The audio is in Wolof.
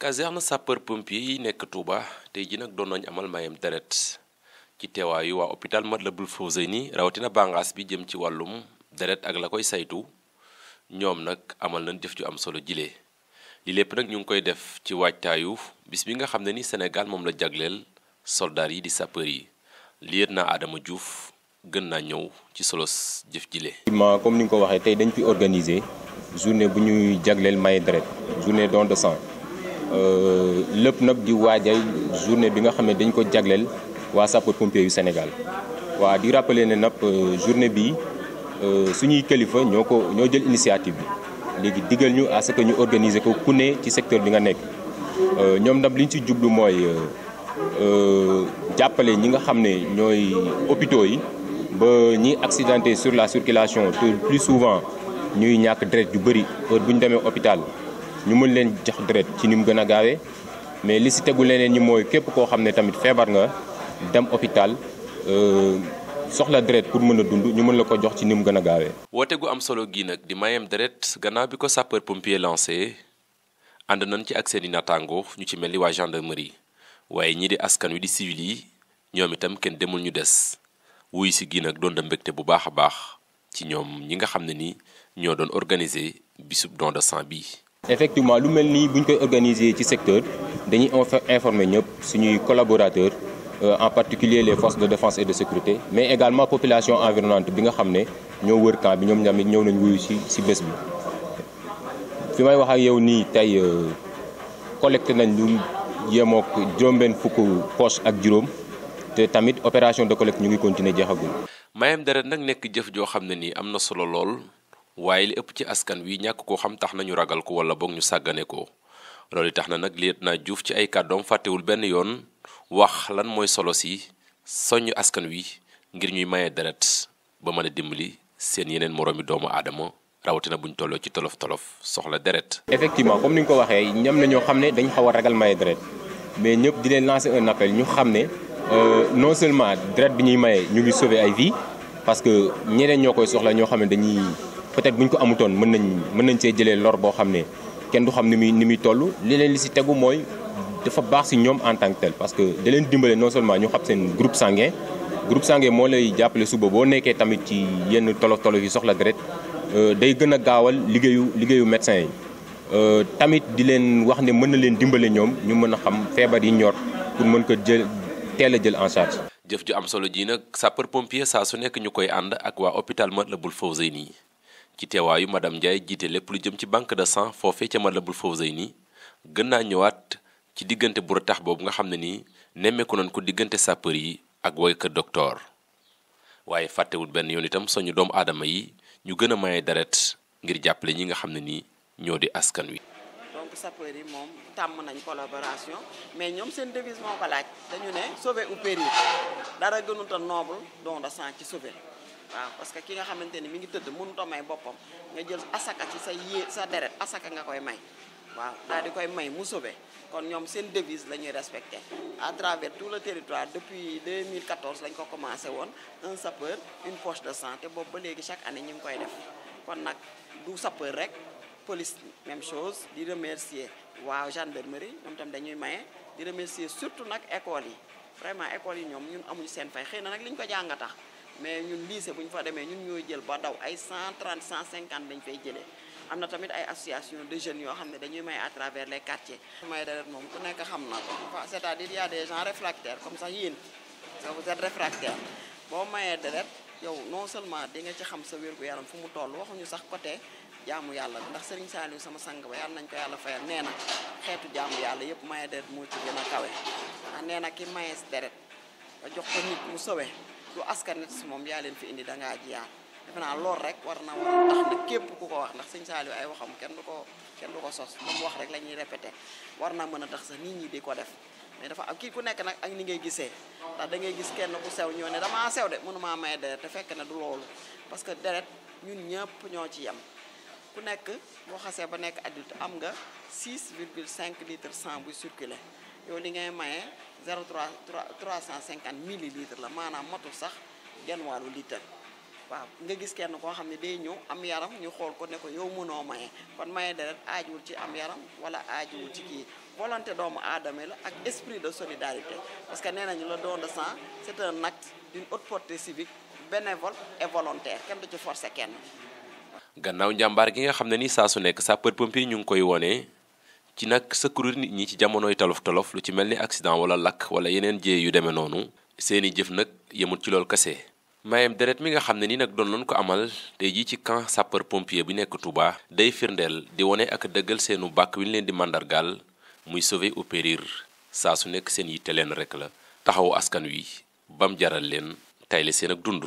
na sapeur pompier yi nekk Touba tey ji nag doon nañu amal mayam deret ci teewaayu waa la bul Matlaboul ni rawatina bangaas bi jëm ci wàllum deret ak la koy saytu ñoom nag amal nañ jëf ju am solo jile li lépp nag ñu ngi koy def ci waajtaayu bis bi nga xam ne ni Sénégal moom la jagleel soldaar yi di sapeur yi liet na Adama Diouf gën naa ñëw ci solo jëf jile comme ni nga ko waxee tey dañ fi organiser journée bu ñuy jagleel maye deret journée don Euh, lépp nag di waajal journée bi nga xam ne dañ ko jagleel waa sapeur pompier yu Sénégal waa di rappeler ne nag euh, journée bi euh, suñuy kilifa ñoo ko ñoo jël initiative bi léegi digal ñu à ce que ñu organiser ko ku ne ci secteur bi nga nekk ñoom nag li ñu ci jublu mooy jàppale ñi nga xam ne ñooy hôpitaux yi ba ñi accidenté sur la circulation te plus souvent ñuy ñàkk deret yu bëri heure bu ñu demee hôpital ñu mën leen jox deret ci ni mu gën a gaawee mais li si tegu leneen ñi mooy képp koo xam ne tamit feebar nga dem hôpital euh, soxla deret pour mën a dund ñu mën la ko jox ci ni mu gën a gaawee. woote gu am solo gii nag di mayem deret gannaaw bi ko sapeur pompier lancé ànd nañ ci ak seen i naataango ñu ci mel ni waa gendarmerie waaye ñii di askan wi di civil yi ñoom itam kenn demul ñu des wuyu si gii nag doon da mbégte bu baax a baax ci ñoom ñi nga xam ne ni ñoo doon organiser bisub don de sang bi effectivement lu mel nii bu ñu koy organiser ci secteur dañuy informer ñëpp suñuy collaborateur euh, en particulier les forces de défense et de sécurité mais également population environnante bi nga xam ne ñoo wër camp bi ñoom tamit ñëw nañ wuyu ci ci bés bi fi may wax ak yow nii tey euh, collecté nañ lu yemook juróom-benn fukk poche ak juróom te tamit opération de collecte ñu ngi continuer jeexagul. mayam deret nag nekk jëf joo xam ne nii am na solo lool. waaye li ëpp ci askan wi ñàkk koo xam tax nañu ragal ko wala boog ñu sàggane ko loolu tax na nag lieutenant Diouf ci ay kàddoom fàttewul benn yoon wax lan mooy solo si soññ askan wi ngir ñuy maye deret ba mën a dimbali seen yeneen moroomi doomu aadama rawatina buñ tolloo ci tolof tolof soxla deret. effectivement comme ni nga ko waxee ñam na ñoo xam ne dañ xaw a ragal maye deret mais ñëpp di leen lancer un appel ñu xam ne euh, non seulement deret bi ñuy maye ñu ngi sauver ay vies parce que ñeneen ñoo koy soxla ñoo xam ne dañuy. peut-être bu ñu ko amutoon mën nañ mën nañ see jëlee lor boo xam ne kenn du xam ni muy ni muy toll li leen li si tegu mooy dafa baax si ñoom en tant que parce que da leen dimbale non seulement ñu xam seen groupe sanguin groupe sanguin moo lay jàppale suba boo nekkee tamit ci yenn tolof tolof yi soxla deret euh, day gën a gaawal liggéeyu liggéeyu médecin yi euh, tamit di leen wax ne mën na leen dimbale ñoom ñu mën a xam feebar yi ñor pour mën ko jël teel a jël en charge. jëf ju am solo ji nag sapeur pompier saa su nekk ñu koy ànd ak waa hôpital Matlaboul Fawzeyni ci teewaayu madame Ndiaye jiite lépp lu jëm ci banque de sang foofee ca Matlaboul Fawzayni gën naa ñëwaat ci diggante bu boobu nga xam ne nii nemmeeku nañ ko diggante sapeur yi ak woykër docteur waaye fàttewul benn yoon itam soñu doomu aadama yi ñu gën a maye deret ngir jàppale ñi nga xam ne nii ñoo di askan wi. donc sapeur yi moom tàmm nañ collaboration mais ñoom seen devise moo ko laaj dañu ne sauver ou périr dara gënut a noble don de ci waaw parce que ki nga xamante ni mi ngi tëdd mënutoo may boppam nga jël asaka ci sa yée sa deret asaka nga koy may waaw daal di koy may mu sauvé kon ñoom seen devise la ñuy respecté à travers tout le territoire depuis 2014 lañ ko commencé woon un sapeur une poche de sang te boobu ba léegi chaque année ñu ngi koy def kon nag du sapeur rek police même chose di remercier waaw gendarmerie ñoom tam dañuy maye di remercier surtout nag école yi vraiment école yi ñoom ñun amuñu seen fay xëy na nag li ñu ko jàngatax mais ñun lycée bu fa demee ñun ñooy jël ba daw ay 130 cinquante dañ fay jëlee am na tamit ay association de jeunes yoo xam ne dañuy may à travers les quartiers. may deret moom ku nekk xam na ko c'est-à-dire y a des gens réfractaires comme ça yéen ça vous êtes réfractaire boo mayee deret yow non seulement di nga ci xam sa wér gu yaram fu mu toll waxuñu sax côté jaamu yàlla bi ndax Serigne Saliou sama sang ba yàlla nañ ko yàlla fayal nee na xeetu jaamu yàlla yëpp maye deret moo ci gën a kawe ndax ah, nee na ki mayees deret jox ko nit mu sowe du askan si moom yaa leen fi indi da ngaa jiyaat defe naa lool rek war na war tax na képp ku ko wax ndax sëñ Saliou ay waxam kenn du ko kenn ko sos moom wax rek lañuy ñuy répété war naa mën a tax sax nit ñi di ko def mais dafa kii ku nekk nag ak ni ngay gisee ndax da gis kenn ku sew ñoo ne damaa sew de mënumaa may deret te fekk na du loolu parce que deret ñun ñëpp ñoo ci yem ku nekk boo xasee ba nekk adulte am nga 6 virgule cinq litres cent buy circuler yow li ngay maye 0 3 350 millilitres la maanaam matul sax genn wàllu litre waaw nga gis kenn koo xam ne day ñëw am yaram ñu xool ko ne ko yow mënoo maye kon maye deret aajuwul ci am yaram wala aajuwul ci kii volonté doomu aadama la ak esprit de solidarité parce que nee nañu la doon de sang c'est un acte d'une haute portée civique bénévole et volontaire kenn du ci forcer kenn. gannaaw njàmbaar gi nga xam ne ni saa su nekk sapeur pompier ñu ngi koy wone ci nag secourir nit ñi ci jamonoy tolof-tolof lu ci mel ni accident wala lakk wala yeneen jéey yu demee noonu seeni jëf nag yemul ci loolu kese. mayem deret mi nga xam ne ni nag doon nañ ko amal tey jii ci camp sapeur pompier bi nekk Touba day firndeel di wone ak dëggal seenu bàkk wi ñu leen di màndargaal muy sove ou périr saa su nekk seen yitte leen rek la taxawu askan wi bam jaral leen tayle seen ak dund